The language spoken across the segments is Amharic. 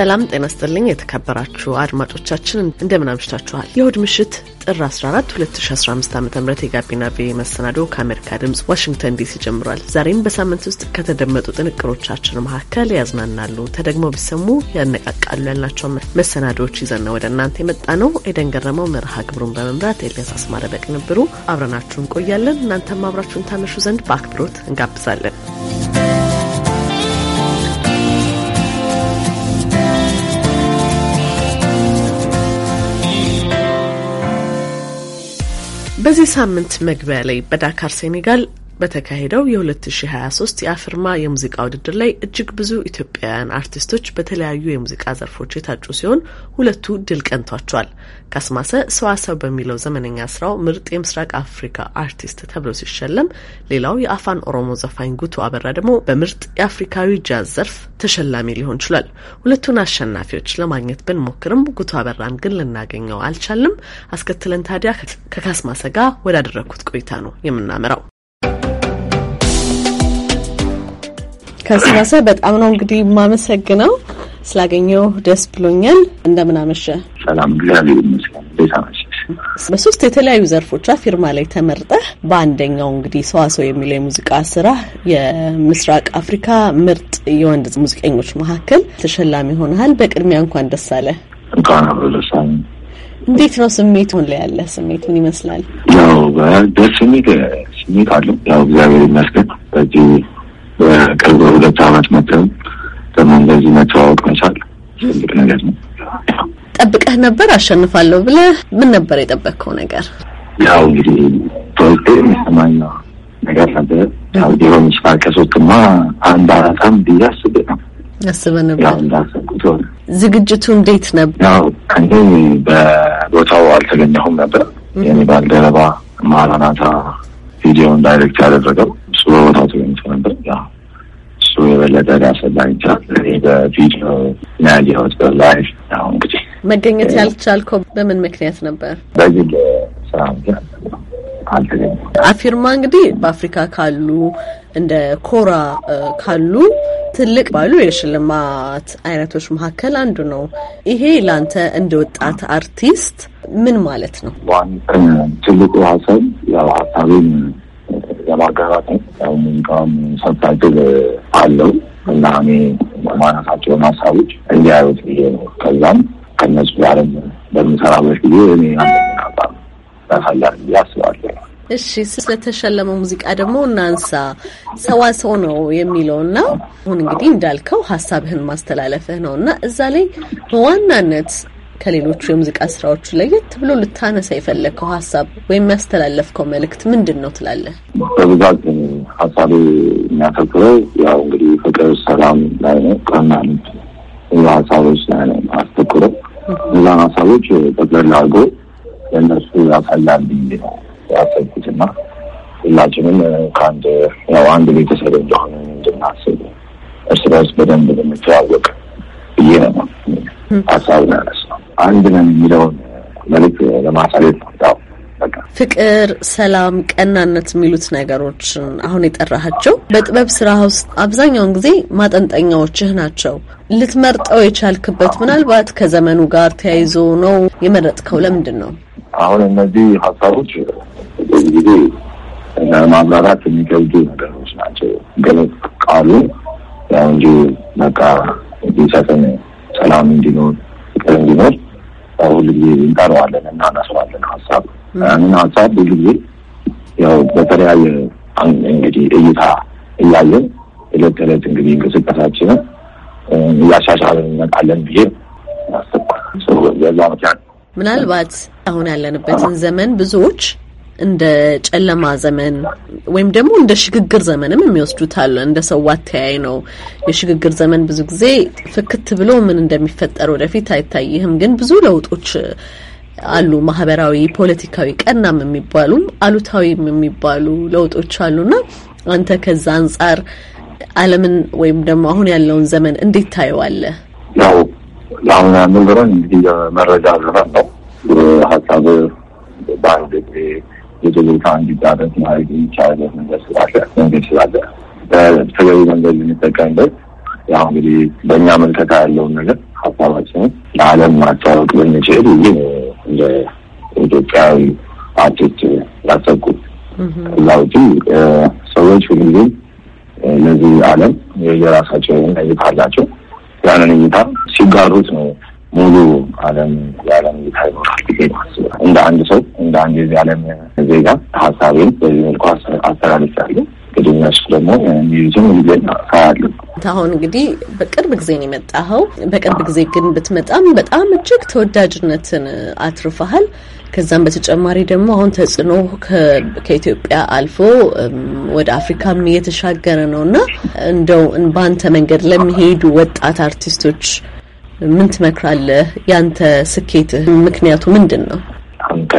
ሰላም ጤና ስጥልኝ። የተከበራችሁ አድማጮቻችን እንደምን አምሽታችኋል? የእሁድ ምሽት ጥር 14 2015 ዓ ም የጋቢና ቪ መሰናዶ ከአሜሪካ ድምፅ ዋሽንግተን ዲሲ ጀምሯል። ዛሬም በሳምንት ውስጥ ከተደመጡ ጥንቅሮቻችን መካከል ያዝናናሉ፣ ተደግሞ ቢሰሙ ያነቃቃሉ ያልናቸው መሰናዶዎች ይዘና ወደ እናንተ የመጣ ነው። ኤደን ገረመው መርሃ ግብሩን በመምራት ኤልያስ አስማረ በቅንብሩ አብረናችሁ እንቆያለን። እናንተም አብራችሁን ታመሹ ዘንድ በአክብሮት እንጋብዛለን። በዚህ ሳምንት መግቢያ ላይ በዳካር ሴኔጋል በተካሄደው የ2023 የአፍርማ የሙዚቃ ውድድር ላይ እጅግ ብዙ ኢትዮጵያውያን አርቲስቶች በተለያዩ የሙዚቃ ዘርፎች የታጩ ሲሆን ሁለቱ ድል ቀንቷቸዋል። ካስማሰ ሰዋሰው በሚለው ዘመነኛ ስራው ምርጥ የምስራቅ አፍሪካ አርቲስት ተብሎ ሲሸለም፣ ሌላው የአፋን ኦሮሞ ዘፋኝ ጉቱ አበራ ደግሞ በምርጥ የአፍሪካዊ ጃዝ ዘርፍ ተሸላሚ ሊሆን ችሏል። ሁለቱን አሸናፊዎች ለማግኘት ብንሞክርም ጉቱ አበራን ግን ልናገኘው አልቻልም። አስከትለን ታዲያ ከካስማሰ ጋር ወዳደረግኩት ቆይታ ነው የምናመራው። ከስላሰ በጣም ነው እንግዲህ የማመሰግነው ስላገኘው ደስ ብሎኛል። እንደምን አመሸ? ሰላም፣ እግዚአብሔር ይመስገን። እንዴት አመሸ? በሶስት የተለያዩ ዘርፎች ፊርማ ላይ ተመርጠህ በአንደኛው እንግዲህ ሰዋሰው የሚለው የሙዚቃ ስራ የምስራቅ አፍሪካ ምርጥ የወንድ ሙዚቀኞች መካከል ተሸላሚ ሆነሃል። በቅድሚያ እንኳን ደስ አለ። እንኳን አብሮ ደስ አለ። እንዴት ነው ስሜት? አሁን ላይ ያለ ስሜት ምን ይመስላል? ያው ደስ ስሜት ስሜት አለው። ያው እግዚአብሔር ይመስገን በዚህ በቅርብ ሁለት አመት መተው ደግሞ እንደዚህ መተዋወቅ መቻል ትልቅ ነገር ነው። ጠብቀህ ነበር አሸንፋለሁ ብለህ? ምን ነበር የጠበቅከው ነገር? ያው እንግዲህ በውጤ የሚሰማኝ ነገር ነበር። ያው ሊሆን ይችላል ከሶትማ አንድ አራታም ብዬ አስቤ ነው አስበ ነበር። ዝግጅቱ እንዴት ነበር? ያው እኔ በቦታው አልተገኘሁም ነበር። የኔ ባልደረባ ማራናታ ቪዲዮን ዳይሬክት ያደረገው እሱ በቦታው ተገኝቶ ነበር። እሱ የበለጠ ዳሰላኝ እኔ በቪዲዮ ነው ያየሁት በላይቭ ያው እንግዲህ መገኘት ያልቻልከው በምን ምክንያት ነበር? በግል ስራ ምክንያት አፊርማ እንግዲህ በአፍሪካ ካሉ እንደ ኮራ ካሉ ትልቅ ባሉ የሽልማት አይነቶች መካከል አንዱ ነው። ይሄ ለአንተ እንደ ወጣት አርቲስት ምን ማለት ነው? ትልቁ ሀሳብ ያው ሀሳቤን ለማጋራትም ሙዚቃም ሰብታይትል አለው እና እኔ ማነሳቸውን ሀሳቦች እንዲያዩት ብዬ ነው። ከዛም ከነሱ ጋርም በምሰራበት ጊዜ እኔ አንደኛ ያሳያል ብዬ አስባለሁ። እሺ ስለተሸለመ ሙዚቃ ደግሞ እናንሳ። ሰዋሰው ነው የሚለው እና አሁን እንግዲህ እንዳልከው ሀሳብህን ማስተላለፍህ ነው እና እዛ ላይ በዋናነት ከሌሎቹ የሙዚቃ ስራዎቹ ለየት ብሎ ልታነሳ የፈለግከው ሀሳብ ወይም ያስተላለፍከው መልእክት ምንድን ነው ትላለህ? በብዛት ሀሳቤ የሚያተኩረው ያው እንግዲህ ፍቅር፣ ሰላም ላይ ነው። ቀና እዛ ሀሳቦች ላይ ነው አስተኩረው እዛን ሀሳቦች ጠቅለል አድርጎ ለእነሱ ያፈላል ነው ነው ያሰብኩትና ሁላችንም ከአንድ ያው አንድ ቤተሰብ እንደሆነ እንድናስብ እርስ በርስ በደንብ እንተዋወቅ ብዬ ነው ሀሳብ ያነሳ አንድ ነን የሚለውን መልክ ለማሳየት ነው። ፍቅር፣ ሰላም፣ ቀናነት የሚሉት ነገሮችን አሁን የጠራሃቸው በጥበብ ስራ ውስጥ አብዛኛውን ጊዜ ማጠንጠኛዎችህ ናቸው። ልትመርጠው የቻልክበት ምናልባት ከዘመኑ ጋር ተያይዞ ነው የመረጥከው ለምንድን ነው? አሁን እነዚህ ሀሳቦች ጊዜ ማብራራት የሚገብዱ ነገሮች ናቸው። ገለጽ ቃሉ ያው እንጂ በቃ ሰላም እንዲኖር ፍቅር እንዲኖር ሁሉ ጊዜ እንጠራዋለን እና እናስባለን ሀሳብ ምን ሀሳብ ብዙ ጊዜ ያው በተለያየ እንግዲህ እይታ እያየን እለት ተዕለት እንግዲህ እንቅስቃሴያችንን እያሻሻለን እንመጣለን ብዬ ያስባል። በዛ ምክንያት ምናልባት አሁን ያለንበትን ዘመን ብዙዎች እንደ ጨለማ ዘመን ወይም ደግሞ እንደ ሽግግር ዘመንም የሚወስዱት አለ። እንደ ሰው አተያይ ነው። የሽግግር ዘመን ብዙ ጊዜ ፍክት ብሎ ምን እንደሚፈጠር ወደፊት አይታይህም። ግን ብዙ ለውጦች አሉ። ማህበራዊ፣ ፖለቲካዊ፣ ቀናም የሚባሉም አሉታዊም የሚባሉ ለውጦች አሉና አንተ ከዛ አንጻር ዓለምን ወይም ደግሞ አሁን ያለውን ዘመን እንዴት ታየዋለህ? ያው ለአሁን ያንን ብለን እንግዲህ መረጃ ብለን ነው ሀሳብ በአንድ ጊዜ ወደ ቦታ እንዲዳረስ ማድረግ የሚቻልበት መንገድ ስላለ መንገድ ስላለ በተገቢ መንገድ ልንጠቀምበት ያው እንግዲህ በእኛ መልከታ ያለውን ነገር ሀሳባችንን ለዓለም ማታወቅ ብንችል ይህ እንደ ኢትዮጵያዊ አርቲስት ያሰብኩት። ከዛ ውጪ ሰዎች ሁልጊዜም ለዚህ ዓለም የራሳቸው እይታ አላቸው። ያንን እይታ ሲጋሩት ነው ሙሉ ዓለም የዓለም እይታ ይኖራል ብዬ ማስባል እንደ አንድ ሰው እንደ አንድ የዚህ ዓለም ዜጋ ሀሳቤን በዚህ መልኩ አስተላለፍ አሁን እንግዲህ በቅርብ ጊዜ ነው የመጣኸው። በቅርብ ጊዜ ግን ብትመጣም በጣም እጅግ ተወዳጅነትን አትርፈሃል። ከዛም በተጨማሪ ደግሞ አሁን ተጽዕኖ ከኢትዮጵያ አልፎ ወደ አፍሪካም እየተሻገረ ነው እና እንደው በአንተ መንገድ ለሚሄዱ ወጣት አርቲስቶች ምን ትመክራለህ? ያንተ ስኬትህ ምክንያቱ ምንድን ነው? አንተ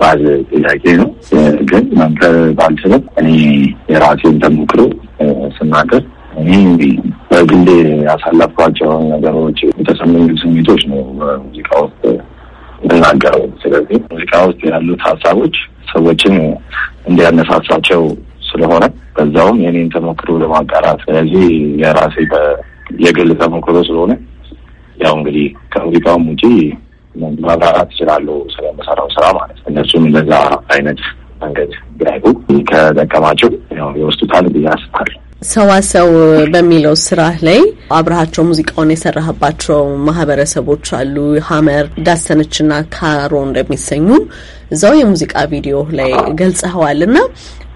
ባል ጥያቄ ነው ግን አንተ ባልችልም እኔ የራሴን ተሞክሮ ስናገር እኔ በግሌ ያሳለፍኳቸውን ነገሮች የተሰመኙ ስሜቶች ነው በሙዚቃ ውስጥ የምናገረው። ስለዚህ ሙዚቃ ውስጥ ያሉት ሀሳቦች ሰዎችን እንዲያነሳሳቸው ስለሆነ በዛውም የኔን ተሞክሮ ለማጋራት ስለዚህ የራሴ የግል ተሞክሮ ስለሆነ ያው እንግዲህ ከሙዚቃውም ውጪ ማብራራት ይችላሉ ስለምሰራው ስራ ማለት ነው። እነሱም እንደዛ አይነት መንገድ ቢያዩ ከጠቀማቸው ያው ይወስዱታል ብዬ አስባለሁ። ሰዋሰው በሚለው ስራ ላይ አብረሃቸው ሙዚቃውን የሰራህባቸው ማህበረሰቦች አሉ። ሀመር ዳሰነችና ካሮ እንደሚሰኙ እዛው የሙዚቃ ቪዲዮ ላይ ገልጸኸዋል እና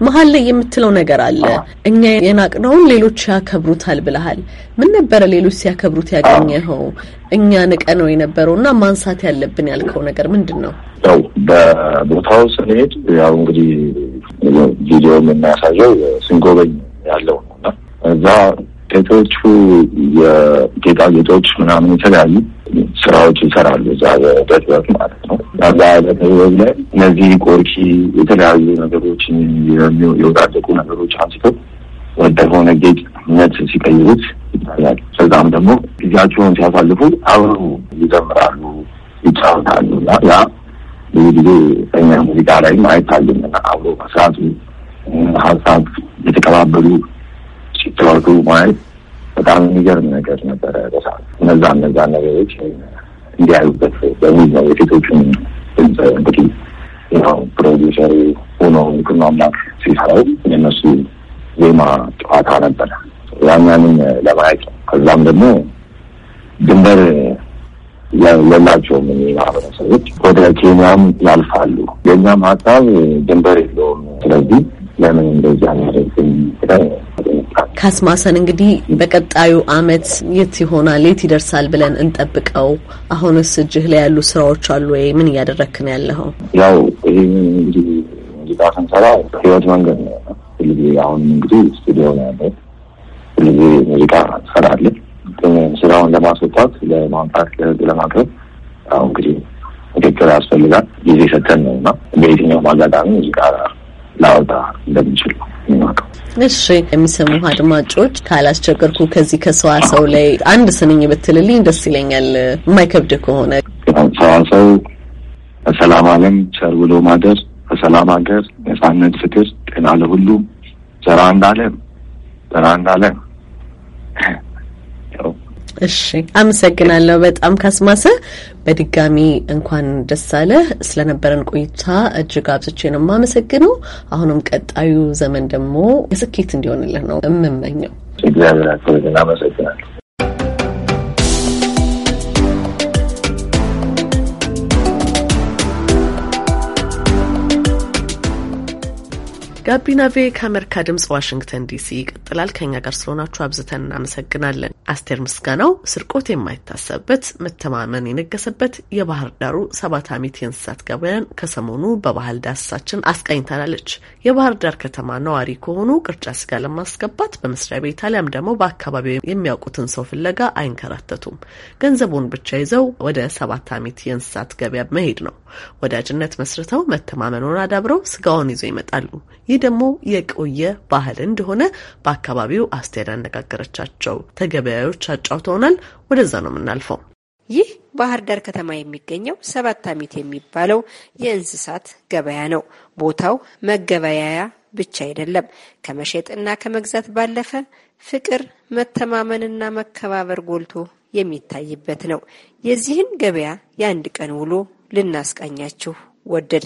መሀል ላይ የምትለው ነገር አለ። እኛ የናቅነውን ሌሎች ያከብሩታል ብለሃል። ምን ነበረ ሌሎች ሲያከብሩት ያገኘኸው እኛ ንቀ ነው የነበረው እና ማንሳት ያለብን ያልከው ነገር ምንድን ነው? ያው በቦታው ስንሄድ ያው እንግዲህ ቪዲዮ የምናያሳየው ስንጎበኝ ያለው እና እዛ ቤቶቹ የጌጣጌጦች ምናምን የተለያዩ ስራዎች ይሰራሉ እዛ በጥበብ ማለት ነው። ዛ በጥበብ ላይ እነዚህ ቆርኪ የተለያዩ ነገሮች የወዳደቁ ነገሮች አንስተው ወደ ጌጥነት ሲቀይሩት ይታያል። ከዛም ደግሞ ጊዜያቸውን ሲያሳልፉ አብሩ ይዘምራሉ፣ ይጫወታሉ ያ ብዙ ጊዜ እኛ ሙዚቃ ላይም አይታልም። አብሮ መስራቱ ሀሳብ የተቀባበሉ ሲጫወቱ ማየት በጣም የሚገርም ነገር ነበረ። በሳ እነዛ እነዛ ነገሮች እንዲያዩበት በሚል ነው የሴቶችን ድምፅ እንግዲህ ያው ፕሮዲሰር ሆኖ ምክና አምላክ ሲሰራው የነሱ ዜማ ጨዋታ ነበረ። ያኛንን ለማየት ከዛም ደግሞ ድንበር የላቸውም ማህበረሰቦች ወደ ኬንያም ያልፋሉ። የእኛም ሀሳብ ድንበር የለውም። ስለዚህ ለምን እንደዚህ አላደርግም? ካስማሰን እንግዲህ በቀጣዩ አመት የት ይሆናል የት ይደርሳል ብለን እንጠብቀው። አሁንስ እጅህ ላይ ያሉ ስራዎች አሉ ወይ? ምን እያደረክ ነው ያለኸው? ያው ይህ እንግዲህ ሙዚቃ ስንሰራ ህይወት መንገድ ነው። ሁልጊዜ አሁን እንግዲህ ስቱዲዮ ነው ያለው። ሁልጊዜ ሙዚቃ እንሰራለን። ስራውን ለማስወጣት ለማምጣት፣ ለህግ ለማቅረብ ያው እንግዲህ ምክክር ያስፈልጋል። ጊዜ ሰተን ነው እና በየትኛውም አጋጣሚ ሙዚቃ ላወጣ እንደምችል ነው የሚመጣው። እሺ የሚሰሙ አድማጮች ካላስቸገርኩ ከዚህ ከሰዋ ሰው ላይ አንድ ስንኝ ብትልልኝ ደስ ይለኛል፣ የማይከብድ ከሆነ ሰዋ ሰው በሰላም አለም ቸር ብሎ ማደር፣ በሰላም ሀገር ነጻነት፣ ፍቅር፣ ጤና ለሁሉም ዘራ እንዳለም ዘራ እንዳለም እሺ፣ አመሰግናለሁ በጣም ካስማሰ። በድጋሚ እንኳን ደስ አለ ስለነበረን ቆይታ እጅግ አብዝቼ ነው የማመሰግነው። አሁንም ቀጣዩ ዘመን ደግሞ ስኬት እንዲሆንልህ ነው የምመኘው። እግዚአብሔር አመሰግናለሁ። ጋቢና ቬ ከአሜሪካ ድምጽ ዋሽንግተን ዲሲ ይቀጥላል። ከኛ ጋር ስለሆናችሁ አብዝተን እናመሰግናለን። አስቴር ምስጋናው ስርቆት የማይታሰብበት መተማመን የነገሰበት የባህር ዳሩ ሰባት ዓመት የእንስሳት ገበያን ከሰሞኑ በባህል ዳሰሳችን አስቃኝታናለች። የባህር ዳር ከተማ ነዋሪ ከሆኑ ቅርጫ ስጋ ለማስገባት በመስሪያ ቤት አሊያም ደግሞ በአካባቢው የሚያውቁትን ሰው ፍለጋ አይንከራተቱም። ገንዘቡን ብቻ ይዘው ወደ ሰባት ዓመት የእንስሳት ገበያ መሄድ ነው። ወዳጅነት መስርተው መተማመኑን አዳብረው ስጋውን ይዘው ይመጣሉ። ይህ ደግሞ የቆየ ባህል እንደሆነ በአካባቢው አስቴር ያነጋገረቻቸው ተገበያዮች አጫውተውናል። ወደዛ ነው የምናልፈው። ይህ ባህር ዳር ከተማ የሚገኘው ሰባት አሚት የሚባለው የእንስሳት ገበያ ነው። ቦታው መገበያያ ብቻ አይደለም። ከመሸጥና ከመግዛት ባለፈ ፍቅር፣ መተማመንና መከባበር ጎልቶ የሚታይበት ነው። የዚህን ገበያ የአንድ ቀን ውሎ ልናስቃኛችሁ ወደድ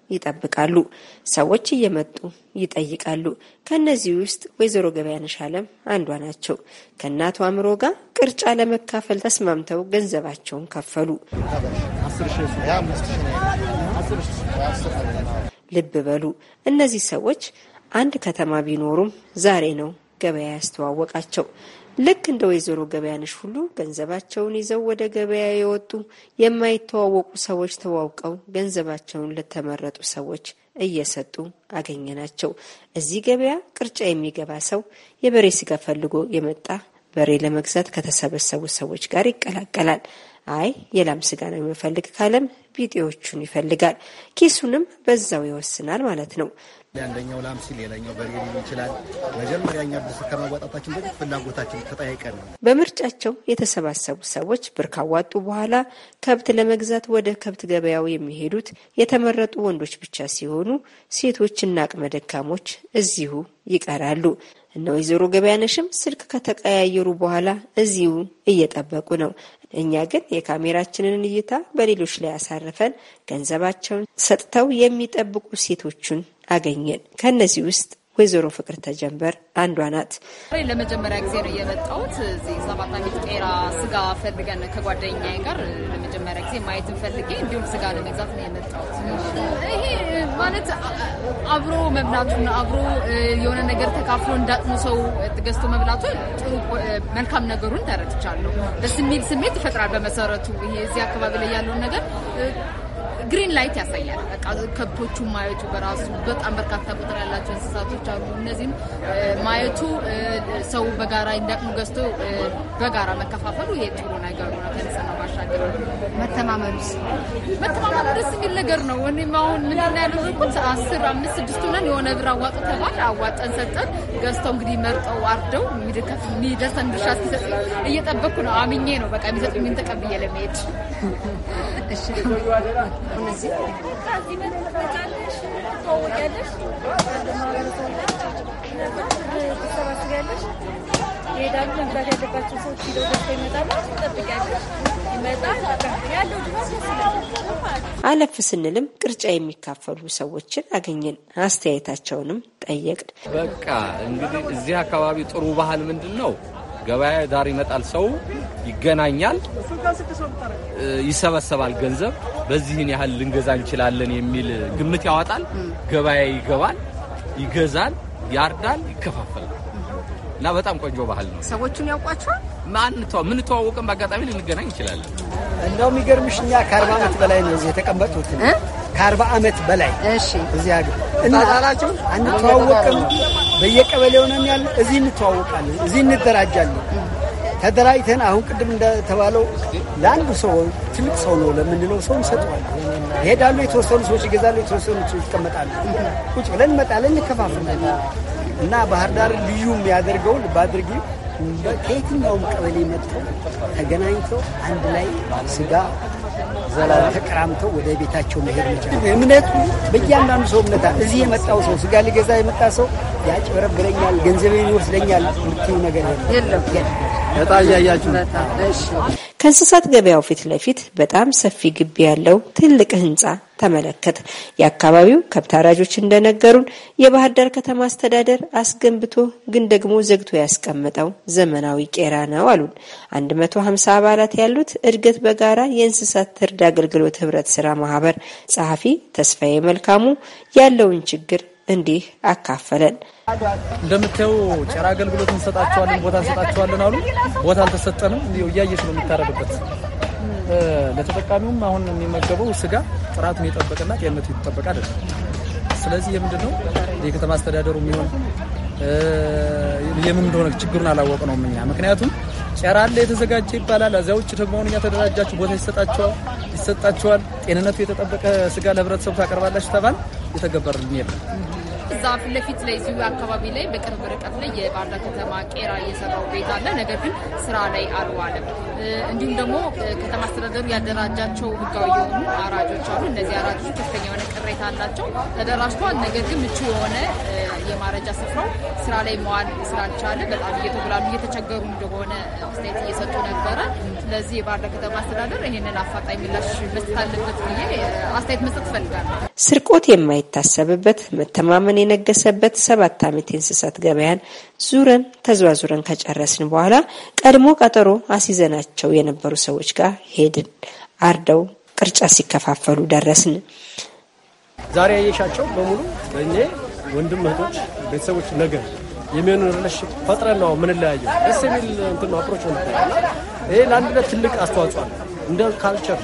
ይጠብቃሉ። ሰዎች እየመጡ ይጠይቃሉ። ከእነዚህ ውስጥ ወይዘሮ ገበያነሽ አለም አንዷ ናቸው። ከእናቷ አእምሮ ጋር ቅርጫ ለመካፈል ተስማምተው ገንዘባቸውን ከፈሉ። ልብ በሉ እነዚህ ሰዎች አንድ ከተማ ቢኖሩም ዛሬ ነው ገበያ ያስተዋወቃቸው። ልክ እንደ ወይዘሮ ገበያነሽ ሁሉ ገንዘባቸውን ይዘው ወደ ገበያ የወጡ የማይተዋወቁ ሰዎች ተዋውቀው ገንዘባቸውን ለተመረጡ ሰዎች እየሰጡ አገኘ ናቸው። እዚህ ገበያ ቅርጫ የሚገባ ሰው የበሬ ስጋ ፈልጎ የመጣ በሬ ለመግዛት ከተሰበሰቡ ሰዎች ጋር ይቀላቀላል። አይ የላም ስጋ ነው የሚፈልግ ካለም ቢጤዎቹን ይፈልጋል። ኪሱንም በዛው ይወስናል ማለት ነው። አንደኛው ላም ሲል ሌላኛው በሬ ሊሆን ይችላል። መጀመሪያ ብስ ከማዋጣታችን በፊት ፍላጎታችን ተጠያቀ ነው። በምርጫቸው የተሰባሰቡ ሰዎች ብር ካዋጡ በኋላ ከብት ለመግዛት ወደ ከብት ገበያው የሚሄዱት የተመረጡ ወንዶች ብቻ ሲሆኑ ሴቶችና አቅመ ደካሞች እዚሁ ይቀራሉ። እነ ወይዘሮ ገበያነሽም ስልክ ከተቀያየሩ በኋላ እዚሁ እየጠበቁ ነው። እኛ ግን የካሜራችንን እይታ በሌሎች ላይ አሳርፈን ገንዘባቸውን ሰጥተው የሚጠብቁ ሴቶቹን አገኘን። ከእነዚህ ውስጥ ወይዘሮ ፍቅር ተጀንበር አንዷ ናት። ለመጀመሪያ ጊዜ ነው የመጣሁት እዚህ ሰባት አሚት ቄራ ስጋ ፈልገን ከጓደኛ ጋር ለመጀመሪያ ጊዜ ማየትን ፈልጌ እንዲሁም ስጋ ለመግዛት ነው የመጣሁት። ማለት አብሮ መብላቱን አብሮ የሆነ ነገር ተካፍሎ እንዳጥሙ ሰው ገዝቶ መብላቱ ጥሩ መልካም ነገሩን ተረድቻለሁ። ደስ የሚል ስሜት ይፈጥራል። በመሰረቱ ይሄ እዚህ አካባቢ ላይ ያለውን ነገር ግሪን ላይት ያሳያል። በቃ ከብቶቹ ማየቱ በራሱ በጣም በርካታ ቁጥር ያላቸው እንስሳቶች አሉ። እነዚህም ማየቱ ሰው በጋራ እንዳቅሙ ገዝቶ በጋራ መከፋፈሉ የጥሩ ነገሩ ነው። ከንጽህና ባሻገር መተማመኑስ መተማመኑ ደስ የሚል ነገር ነው። እኔም አሁን ምን ያደረኩት አስር አምስት ስድስት ሆነን የሆነ ብር አዋጡ ተባል አዋጠን ሰጠን ገዝተው እንግዲህ መርጠው አርደው የሚደርሰን ድርሻ እስኪሰጥ እየጠበቅኩ ነው። አምኜ ነው በቃ የሚሰጡ ተቀብዬ ለመሄድ አለፍ ስንልም ቅርጫ የሚካፈሉ ሰዎችን አገኘን። አስተያየታቸውንም ጠየቅን። በቃ እንግዲህ እዚህ አካባቢ ጥሩ ባህል ምንድን ነው? ገበያ ዳር ይመጣል፣ ሰው ይገናኛል፣ ይሰበሰባል ገንዘብ። በዚህን ያህል ልንገዛ እንችላለን የሚል ግምት ያወጣል። ገበያ ይገባል፣ ይገዛል፣ ያርዳል፣ ይከፋፈላል። እና በጣም ቆንጆ ባህል ነው። ሰዎቹን ያውቋቸዋል። ምን ተዋወቅን፣ በአጋጣሚ ልንገናኝ እንችላለን። እንደው የሚገርምሽ እኛ ከአርባ ዓመት በላይ ነው እዚህ የተቀመጡት ከአርባ ዓመት በላይ እዚህ ሀገር እናላቸው አንተዋወቅም በየቀበሌው ነን ያለ እዚህ እንተዋወቃለን፣ እዚህ እንደራጃለን። ተደራጅተን አሁን ቅድም እንደተባለው ለአንዱ ሰው ትልቅ ሰው ነው ለምንለው ሰው እንሰጠዋለን። ይሄዳሉ፣ የተወሰኑ ሰዎች ይገዛሉ፣ የተወሰኑ ይቀመጣሉ። ቁጭ ብለን እንመጣለን፣ እንከፋፍለን እና ባህር ዳር ልዩ የሚያደርገው ባድርጊ ከየትኛውም ቀበሌ መጥተው ተገናኝተው አንድ ላይ ስጋ ተቀራምተው ወደ ቤታቸው መሄድ መቻል። እምነቱ በእያንዳንዱ ሰው እምነት አለ። እዚህ የመጣው ሰው ስጋ ሊገዛ የመጣ ሰው ያጭበረብረኛል፣ ገንዘቤን ይወስደኛል የምትይው ነገር የለም። በጣም እያያችሁ ከእንስሳት ገበያው ፊት ለፊት በጣም ሰፊ ግቢ ያለው ትልቅ ህንጻ ተመለከተ። የአካባቢው ከብት አራጆች እንደነገሩን የባህር ዳር ከተማ አስተዳደር አስገንብቶ ግን ደግሞ ዘግቶ ያስቀመጠው ዘመናዊ ቄራ ነው አሉን። 150 አባላት ያሉት እድገት በጋራ የእንስሳት እርድ አገልግሎት ህብረት ስራ ማህበር ጸሐፊ ተስፋዬ መልካሙ ያለውን ችግር እንዲህ አካፈለን። እንደምታየው ጨራ አገልግሎት እንሰጣቸዋለን፣ ቦታ እንሰጣቸዋለን አሉ። ቦታ አልተሰጠንም። እያየሽ ነው የምታረግበት ለተጠቃሚውም አሁን የሚመገበው ስጋ ጥራቱን የጠበቀና ጤንነቱ የተጠበቀ አይደለም። ስለዚህ የምንድን ነው የከተማ አስተዳደሩ የሚሆን የምን እንደሆነ ችግሩን አላወቅ ነው እኛ ምክንያቱም ጨራ አለ የተዘጋጀ ይባላል። እዚያ ውጭ ደግሞ አሁን እኛ ተደራጃችሁ ቦታ ይሰጣቸዋል ይሰጣቸዋል ጤንነቱ የተጠበቀ ስጋ ለህብረተሰቡ ታቀርባላችሁ ተባል የተገበርልን የለም። እዛ ፊት ለፊት ላይ እዚሁ አካባቢ ላይ በቅርብ ርቀት ላይ የባህር ከተማ ቄራ እየሰራው ቤት አለ። ነገር ግን ስራ ላይ አልዋለም። እንዲሁም ደግሞ ከተማ አስተዳደሩ ያደራጃቸው ህጋዊ የሆኑ አራጆች አሉ። እነዚህ አራጆች ከፍተኛ የሆነ ቅሬታ አላቸው። ተደራጅተዋል። ነገር ግን ምቹ የሆነ የማረጃ ስፍራው ስራ ላይ መዋል ስላልቻለ በጣም እየተጉላሉ እየተቸገሩ እንደሆነ አስተያየት እየሰጡ ነበረ። ስለዚህ የባህር ዳር ከተማ አስተዳደር ይህንን አፋጣኝ ምላሽ መስጠት አለበት ብዬ አስተያየት መስጠት እፈልጋለሁ። ስርቆት የማይታሰብበት መተማመን የነገሰበት ሰባት ዓመት የእንስሳት ገበያን ዙረን ተዘዋዙረን ከጨረስን በኋላ ቀድሞ ቀጠሮ አስይዘናቸው የነበሩ ሰዎች ጋር ሄድን። አርደው ቅርጫ ሲከፋፈሉ ደረስን። ዛሬ ያየሻቸው በሙሉ በእኔ ወንድም እህቶች፣ ቤተሰቦች ነገ የሚሆን ሪሌሽን ፈጥረን ነው የምንለያየው። ደስ የሚል እንትን አፕሮች ነው። ይሄ ለአንድነት ትልቅ አስተዋጽኦ አለ። እንደ ካልቸር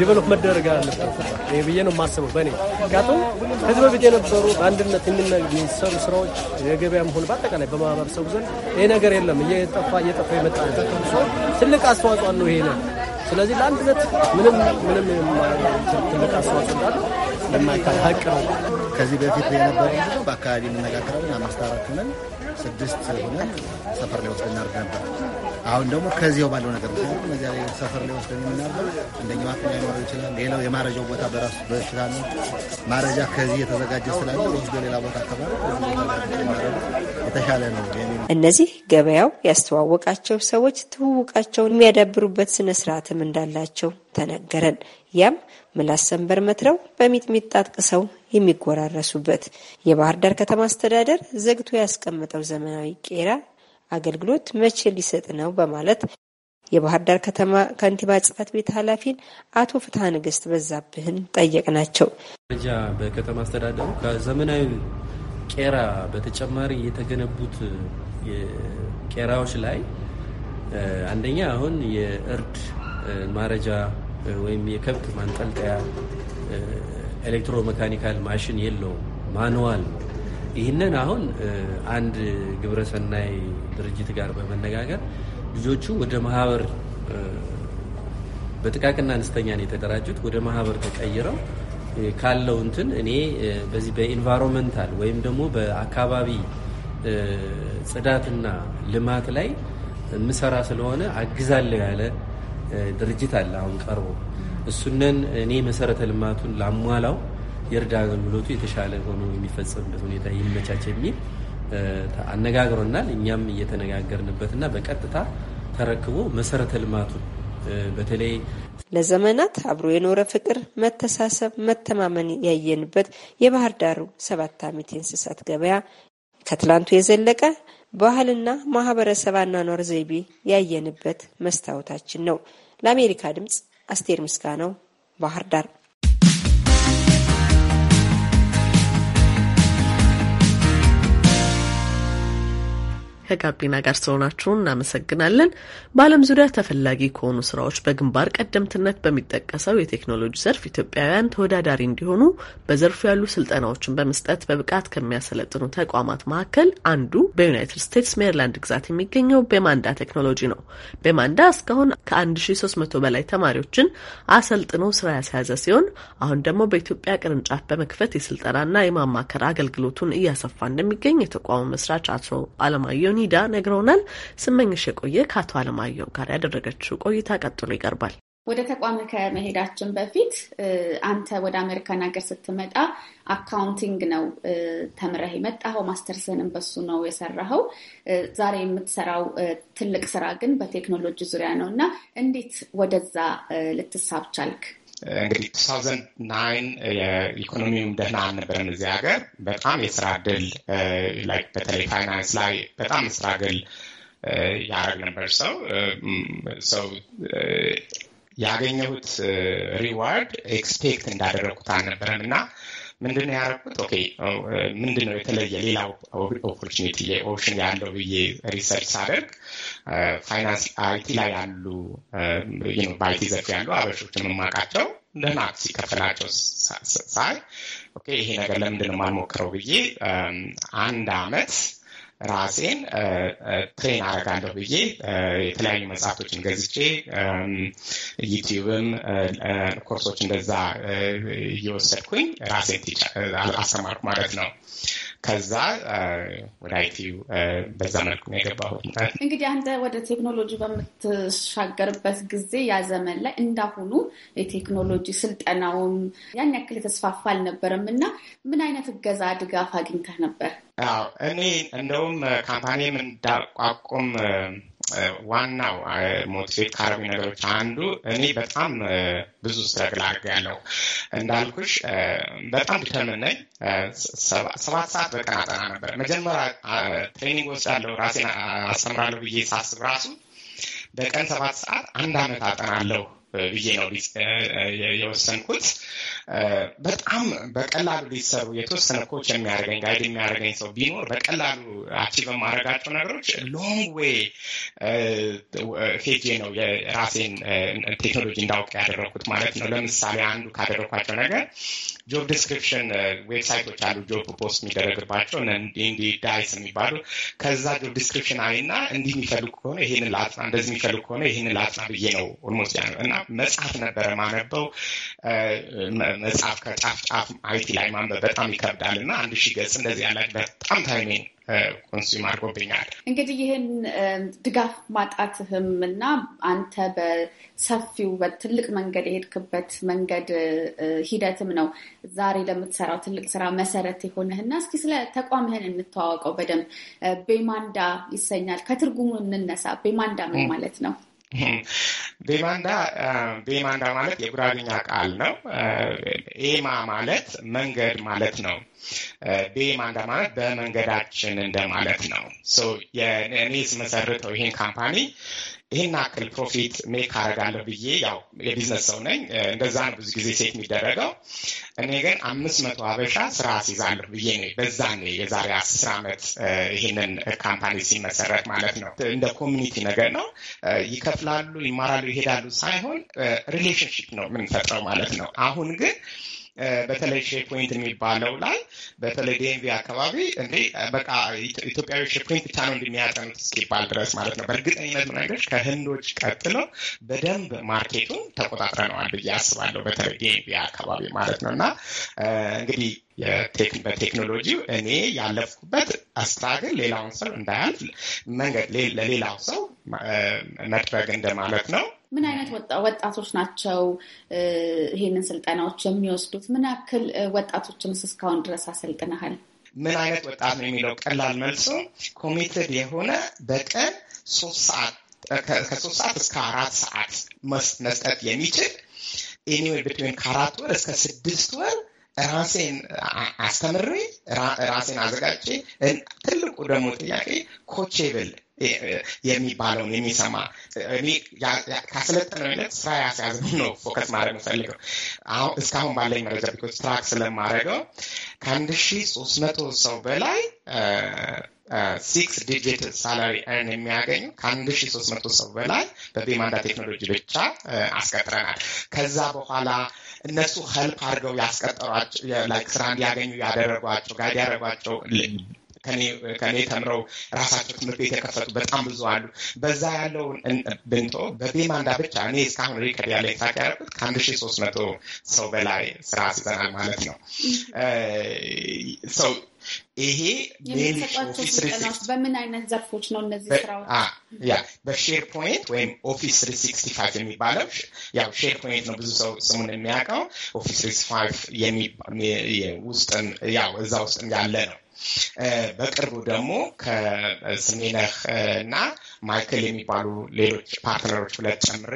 ዲቨሎፕ መደረግ አለበት ብዬ ነው የማስበው በእኔ። ምክንያቱም ከዚህ በፊት የነበሩ በአንድነት የሚሰሩ ስራዎች የገበያም ሆነ በአጠቃላይ በማህበረሰቡ ዘንድ ይሄ ነገር የለም፣ እየጠፋ እየጠፋ የመጣ ትልቅ አስተዋጽኦ ነው ይሄ ነው። ስለዚህ ለአንድነት ምንም ምንም ትልቅ አስተዋጽኦ እንዳለ እንደማይታይ ሀቅ ነው። ከዚህ በፊት የነበረ ጊዜ በአካባቢ የምነጋገረው አምስት አራት ሆነን ስድስት ሆነን ሰፈር ላይ ወስደን እናድርግ ነበር። አሁን ደግሞ ከዚያው ባለው ነገር ምክንያቱም እዚያ ላይ ሰፈር ላይ ወስደን የምናርገው አንደኛው አቅም ላይኖረው ይችላል። ሌላው የማረጃው ቦታ በራሱ በሽታ ነው። ማረጃ ከዚህ የተዘጋጀ ስላለ ወስዶ ሌላ ቦታ አካባቢ የተሻለ ነው። እነዚህ ገበያው ያስተዋወቃቸው ሰዎች ትውውቃቸውን የሚያዳብሩበት ስነ ስርዓትም እንዳላቸው ተነገረን። ያም ምላስ ሰንበር መትረው በሚጥሚጣ አጥቅሰው የሚጎራረሱበት የባህር ዳር ከተማ አስተዳደር ዘግቶ ያስቀመጠው ዘመናዊ ቄራ አገልግሎት መቼ ሊሰጥ ነው በማለት የባህር ዳር ከተማ ከንቲባ ጽፈት ቤት ኃላፊን አቶ ፍትሐ ንግስት በዛብህን ጠየቅናቸው። ደረጃ በከተማ አስተዳደሩ ከዘመናዊ ቄራ በተጨማሪ የተገነቡት ቄራዎች ላይ አንደኛ አሁን የእርድ ማረጃ ወይም የከብት ማንጠልጠያ ኤሌክትሮ ማሽን የለውም፣ ማኑዋል ነው። ይህንን አሁን አንድ ግብረሰናይ ድርጅት ጋር በመነጋገር ልጆቹ ወደ ማህበር በጥቃቅና አነስተኛ ነው የተደራጁት። ወደ ማህበር ተቀይረው ካለው እንትን እኔ በዚህ በኢንቫይሮንመንታል ወይም ደግሞ በአካባቢ ጽዳትና ልማት ላይ የምሰራ ስለሆነ አግዛለሁ ያለ ድርጅት አለ አሁን ቀርቦ እሱነን እኔ መሰረተ ልማቱን ላሟላው የእርዳ አገልግሎቱ የተሻለ ሆኖ የሚፈጸምበት ሁኔታ ይመቻች የሚል አነጋግሮናል። እኛም እየተነጋገርንበትና በቀጥታ ተረክቦ መሰረተ ልማቱን በተለይ ለዘመናት አብሮ የኖረ ፍቅር፣ መተሳሰብ፣ መተማመን ያየንበት የባህር ዳሩ ሰባት ዓመት የእንስሳት ገበያ ከትላንቱ የዘለቀ ባህልና ማህበረሰብ አኗኗር ዘይቤ ያየንበት መስታወታችን ነው። ለአሜሪካ ድምፅ አስቴር ምስጋናው ባህር ዳር ከጋቢና ጋር ስለሆናችሁ እናመሰግናለን። በዓለም ዙሪያ ተፈላጊ ከሆኑ ስራዎች በግንባር ቀደምትነት በሚጠቀሰው የቴክኖሎጂ ዘርፍ ኢትዮጵያውያን ተወዳዳሪ እንዲሆኑ በዘርፉ ያሉ ስልጠናዎችን በመስጠት በብቃት ከሚያሰለጥኑ ተቋማት መካከል አንዱ በዩናይትድ ስቴትስ ሜሪላንድ ግዛት የሚገኘው ቤማንዳ ቴክኖሎጂ ነው። ቤማንዳ እስካሁን ከ1300 በላይ ተማሪዎችን አሰልጥኖ ስራ ያስያዘ ሲሆን አሁን ደግሞ በኢትዮጵያ ቅርንጫፍ በመክፈት የስልጠናና የማማከር አገልግሎቱን እያሰፋ እንደሚገኝ የተቋሙ መስራች አቶ አለማየሁ ኒዳ ነግረውናል። ስመኝሽ የቆየ ከአቶ አለማየሁ ጋር ያደረገችው ቆይታ ቀጥሎ ይቀርባል። ወደ ተቋም ከመሄዳችን በፊት አንተ ወደ አሜሪካን ሀገር ስትመጣ አካውንቲንግ ነው ተምረህ የመጣኸው። ማስተርስህንም በሱ ነው የሰራኸው። ዛሬ የምትሰራው ትልቅ ስራ ግን በቴክኖሎጂ ዙሪያ ነው እና እንዴት ወደዛ ልትሳብ ቻልክ? እንግዲህ ቱ ታውዘንድ ናይን የኢኮኖሚውም ደህና አልነበረም እዚህ ሀገር። በጣም የስራ እድል በተለይ ፋይናንስ ላይ በጣም የስራ እድል ያደረግ ነበር ሰው ሰው ያገኘሁት ሪዋርድ ኤክስፔክት እንዳደረግኩት አልነበረም እና ምንድን ያደረኩት ኦኬ ምንድነው የተለየ ሌላው ኦፖርቹኒቲ ኦፕሽን ያለው ብዬ ሪሰርች ሳደርግ ፋይናንስ አይቲ ላይ ያሉ በአይቲ ዘርፍ ያሉ አበሾችን የማውቃቸው ደህና ሲከፈላቸው ሳይ ይሄ ነገር ለምንድን ነው የማልሞክረው ብዬ አንድ አመት ራሴን ትሬን አረጋለሁ ብዬ የተለያዩ መጽሐፍቶችን ገዝቼ ዩቲዩብም ኮርሶች እንደዛ እየወሰድኩኝ ራሴን አሰማርኩ ማለት ነው። ከዛ ወደ አይቲ በዛ መልኩ ነው የገባሁት። እንግዲህ አንተ ወደ ቴክኖሎጂ በምትሻገርበት ጊዜ ያ ዘመን ላይ እንዳሁኑ የቴክኖሎጂ ስልጠናውም ያን ያክል የተስፋፋ አልነበረም እና ምን አይነት እገዛ ድጋፍ አግኝተህ ነበር? አዎ እኔ እንደውም ካምፓኒ እንዳቋቁም ዋናው ሞቲቬት ካረጉ ነገሮች አንዱ እኔ በጣም ብዙ ስለግላግ ያለው እንዳልኩሽ በጣም ብተምነኝ ሰባት ሰዓት በቀን አጠና ነበር። መጀመሪያ ትሬኒንግ ውስጥ ያለው ራሴን አስተምራለሁ ብዬ ሳስብ ራሱ በቀን ሰባት ሰዓት አንድ አመት አጠናለሁ ብዬ ነው የወሰንኩት። በጣም በቀላሉ ሊሰሩ የተወሰነ ኮች የሚያደርገኝ ጋይድ የሚያደርገኝ ሰው ቢኖር በቀላሉ አቺቭ የማደርጋቸው ነገሮች ሎንግ ዌይ ሄጄ ነው የራሴን ቴክኖሎጂ እንዳውቅ ያደረኩት ማለት ነው። ለምሳሌ አንዱ ካደረኳቸው ነገር ጆብ ዲስክሪፕሽን ዌብሳይቶች አሉ፣ ጆብ ፖስት የሚደረግባቸው እንዲ ዳይስ የሚባሉ ከዛ ጆብ ዲስክሪፕሽን አይና እንዲህ የሚፈልጉ ከሆነ ይህንን ላጥና፣ እንደዚህ የሚፈልጉ ከሆነ ይህንን ላጥና ብዬ ነው ኦልሞስት እና መጽሐፍ ነበረ ማነበው። መጽሐፍ ከጫፍ ጫፍ አይቲ ላይ ማንበብ በጣም ይከብዳል እና አንድ ሺህ ገጽ እንደዚህ ያለ በጣም ታይሜን ኮንሱም አድርጎብኛል። እንግዲህ ይህን ድጋፍ ማጣትህም እና አንተ በሰፊው በትልቅ መንገድ የሄድክበት መንገድ ሂደትም ነው ዛሬ ለምትሰራው ትልቅ ስራ መሰረት የሆነህና እስኪ ስለ ተቋምህን እንተዋወቀው በደንብ ቤማንዳ ይሰኛል። ከትርጉሙ እንነሳ። ቤማንዳ ምን ማለት ነው? ቤማንዳ ቤማንዳ ማለት የጉራግኛ ቃል ነው። ኤማ ማለት መንገድ ማለት ነው። ቤማንዳ ማለት በመንገዳችን እንደማለት ነው። እኔ ስመሰርተው ይሄን ካምፓኒ ይህን አክል ፕሮፊት ሜክ አደርጋለሁ ብዬ ያው የቢዝነስ ሰው ነኝ። እንደዛ ነው ብዙ ጊዜ ሴት የሚደረገው። እኔ ግን አምስት መቶ ሀበሻ ስራ አስይዛለሁ ብዬ ነው በዛ የዛሬ አስር ዓመት ይህንን ካምፓኒ ሲመሰረት ማለት ነው። እንደ ኮሚኒቲ ነገር ነው። ይከፍላሉ፣ ይማራሉ፣ ይሄዳሉ ሳይሆን ሪሌሽንሽፕ ነው የምንፈጥረው ማለት ነው። አሁን ግን በተለይ ሼፖይንት የሚባለው ላይ በተለይ ዲኤምቪ አካባቢ እንዴ በቃ ኢትዮጵያዊ ሼፖይንት ብቻ ነው እንደሚያጠኑት እስኪባል ድረስ ማለት ነው። በእርግጠኝነት መንገድ ከህንዶች ቀጥለው በደንብ ማርኬቱን ተቆጣጥረነዋል ብዬ አስባለሁ። በተለይ ዲኤምቪ አካባቢ ማለት ነው እና እንግዲህ በቴክኖሎጂ እኔ ያለፍኩበት አስታግል ሌላውን ሰው እንዳያልፍ መንገድ ለሌላው ሰው መድረግ እንደማለት ነው። ምን አይነት ወጣቶች ናቸው ይህንን ስልጠናዎች የሚወስዱት? ምን ያክል ወጣቶችንስ እስካሁን ድረስ አሰልጥነሃል? ምን አይነት ወጣት ነው የሚለው ቀላል መልሶ ኮሚትድ የሆነ በቀን ሶስት ሰዓት ከሶስት ሰዓት እስከ አራት ሰዓት መስጠት የሚችል ኤኒዌይ ብትዊን ከአራት ወር እስከ ስድስት ወር ራሴን አስተምሬ ራሴን አዘጋጅቼ ትልቁ ደግሞ ጥያቄ ኮቼብል የሚባለውን የሚሰማ ካስለጠነው ይነት ስራ ያስያዝነው ነው ፎከስ ማድረግ የምፈልገው አሁን እስካሁን ባለኝ መረጃ ቢኮች ትራክ ስለማድረገው ከአንድ ሺ ሶስት መቶ ሰው በላይ ሲክስ ዲጂት ሳላሪ ርን የሚያገኙ ከአንድ ሺ ሶስት መቶ ሰው በላይ በቤማንዳ ቴክኖሎጂ ብቻ አስቀጥረናል። ከዛ በኋላ እነሱ ህልፕ አድርገው ያስቀጠሯቸው ስራ እንዲያገኙ ያደረጓቸው ጋይድ ያደረጓቸው ከኔ ተምረው ራሳቸው ትምህርት ቤት የከፈቱ በጣም ብዙ አሉ። በዛ ያለውን ብንቶ በቤማንዳ ብቻ እኔ እስካሁን ሪከርድ ያለ ትራክ ያደረኩት ከአንድ ሺ ሶስት መቶ ሰው በላይ ስራ አስይዘናል ማለት ነው ሰው ይሄ የሚሰጧቸው በምን አይነት ዘርፎች ነው? እነዚህ ስራዎች ያ በሼር ፖይንት ወይም ኦፊስ ስሪ ሲክስቲ ፋይቭ የሚባለው ያው ሼር ፖይንት ነው፣ ብዙ ሰው ስሙን የሚያውቀው ኦፊስ ስሪ ሲክስቲ ፋይቭ ውስጥ ያው እዛ ውስጥ ያለ ነው። በቅርቡ ደግሞ ከስሜነህ እና ማይክል የሚባሉ ሌሎች ፓርትነሮች ሁለት ጨምሬ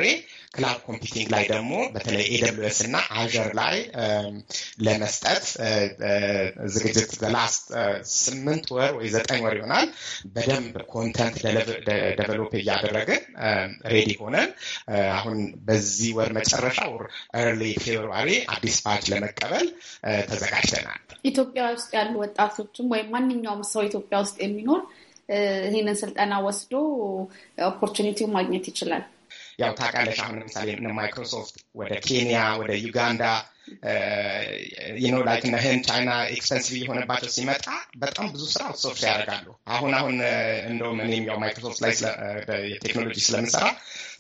ክላውድ ኮምፒቲንግ ላይ ደግሞ በተለይ ኤደብስ እና አዥር ላይ ለመስጠት ዝግጅት በላስት ስምንት ወር ወይ ዘጠኝ ወር ይሆናል በደንብ ኮንተንት ደቨሎፕ እያደረግን ሬዲ ሆነን አሁን በዚህ ወር መጨረሻ ወር ኤርሊ ፌብርዋሪ አዲስ ባች ለመቀበል ተዘጋጅተናል። ኢትዮጵያ ውስጥ ያሉ ወጣቶችም ወይም ማንኛውም ሰው ኢትዮጵያ ውስጥ የሚኖር ይህንን ስልጠና ወስዶ ኦፖርቹኒቲው ማግኘት ይችላል። yang utakan dekat Amerika Serikat, Microsoft, whether Kenya, whether Uganda, ዩኖ ላይክ እነ ህንድ ቻይና ኤክስፐንሲቭ የሆነባቸው ሲመጣ በጣም ብዙ ስራ አውትሶርስ ያደርጋሉ። አሁን አሁን uh, እንደውም እኔም ያው ማይክሮሶፍት ላይ uh, ቴክኖሎጂ ስለምሰራ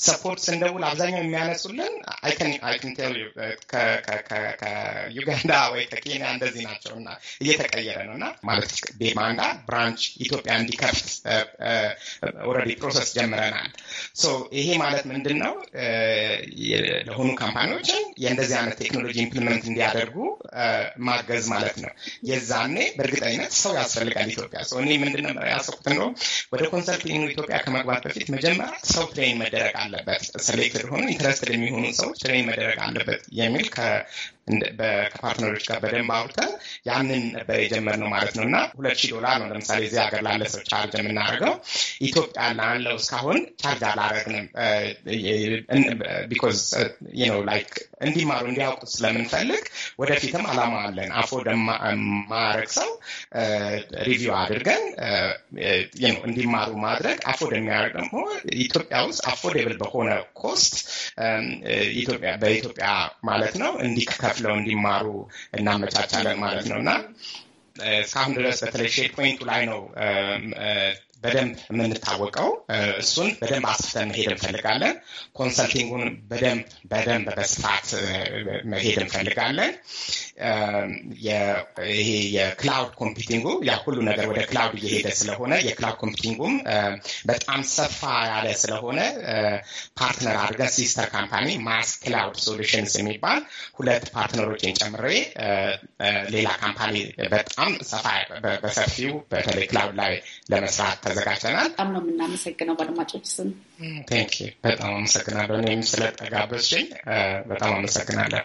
ሰፖርት ስንደውል አብዛኛው የሚያነሱልን uh, ከዩጋንዳ ወይ ከኬንያ እንደዚህ ናቸው እና እየተቀየረ ነው እና ማለት ቤማንዳ ብራንች ኢትዮጵያ እንዲከፍት ኦልሬዲ ፕሮሰስ ጀምረናል። ይሄ ማለት ምንድን ነው ለሆኑ ካምፓኒዎችን የእንደዚህ አይነት ቴክኖሎጂ ኢምፕሊመንት እንዲያደርጉ ማገዝ ማለት ነው። የዛኔ በእርግጠኝነት ሰው ያስፈልጋል ኢትዮጵያ። ሰው እኔ ምንድን ነው ያሰብኩት ነው ወደ ኮንሰልቲንግ ኢትዮጵያ ከመግባት በፊት መጀመሪያ ሰው ትሬን መደረግ አለበት፣ ሴሌክትድ ሆኑ ኢንትረስትድ የሚሆኑ ሰዎች ትሬን መደረግ አለበት የሚል ከፓርትነሮች ጋር በደንብ አውርተን ያንን ነበር የጀመርነው ማለት ነው እና ሁለት ሺህ ዶላር ነው ለምሳሌ እዚህ ሀገር ላለ ሰው ቻርጅ የምናደርገው። ኢትዮጵያ ላለው እስካሁን ቻርጅ አላደረግንም። ቢኮዝ ላይክ እንዲማሩ እንዲያውቁ ስለምንፈልግ ወደፊትም አላማ አለን። አፎ ደማረግ ሰው ሪቪው አድርገን እንዲማሩ ማድረግ አፎ ደሚያደርግ ደግሞ ኢትዮጵያ ውስጥ አፎርደብል በሆነ ኮስት በኢትዮጵያ ማለት ነው እንዲከ ከፍለው እንዲማሩ እናመቻቻለን ማለት ነው እና እስካሁን ድረስ በተለይ ሼክ ፖይንቱ ላይ ነው በደንብ የምንታወቀው እሱን በደንብ አስፍተን መሄድ እንፈልጋለን። ኮንሰልቲንጉን በደንብ በደንብ በስፋት መሄድ እንፈልጋለን። ይሄ የክላውድ ኮምፒቲንጉ ያ ሁሉ ነገር ወደ ክላውድ እየሄደ ስለሆነ የክላውድ ኮምፒቲንጉም በጣም ሰፋ ያለ ስለሆነ ፓርትነር አድርገን ሲስተር ካምፓኒ ማስ ክላውድ ሶሉሽንስ የሚባል ሁለት ፓርትነሮችን ጨምሬ ሌላ ካምፓኒ በጣም ሰፋ በሰፊው በተለይ ክላውድ ላይ ለመስራት ተዘጋጅተናል። በጣም ነው የምናመሰግነው በአድማጮች ስም ቴንኪ። በጣም አመሰግናለሁ። እኔም ስለተጋበዝሽኝ በጣም አመሰግናለሁ።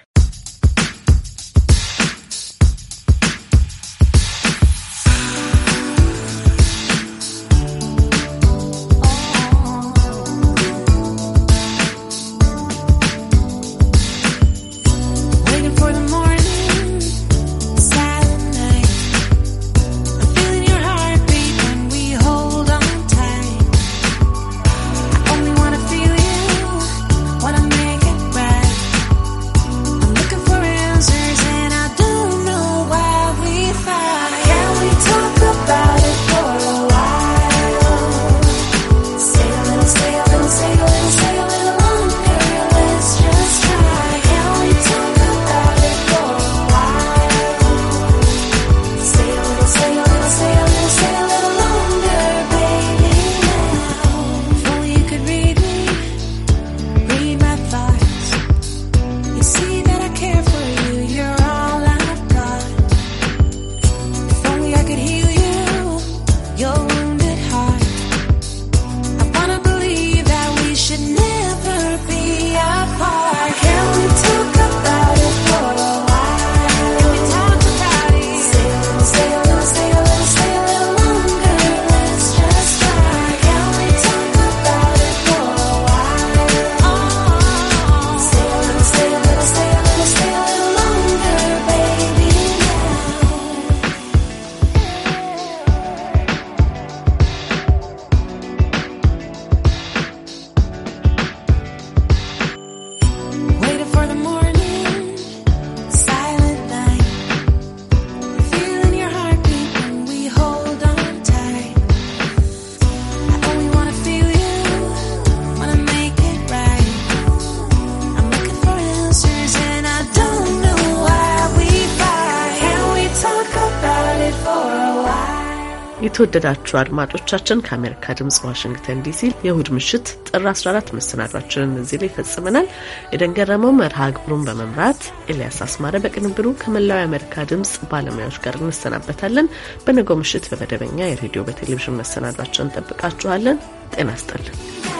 የተወደዳችሁ አድማጮቻችን ከአሜሪካ ድምጽ ዋሽንግተን ዲሲ የእሁድ ምሽት ጥር 14 መሰናዷችንን እዚህ ላይ ይፈጽመናል። የደንገረመው መርሃ ግብሩን በመምራት ኤልያስ አስማረ በቅንብሩ ከመላው የአሜሪካ ድምጽ ባለሙያዎች ጋር እንሰናበታለን። በነገው ምሽት በመደበኛ የሬዲዮ በቴሌቪዥን መሰናዷችን እንጠብቃችኋለን። ጤና ይስጥልን።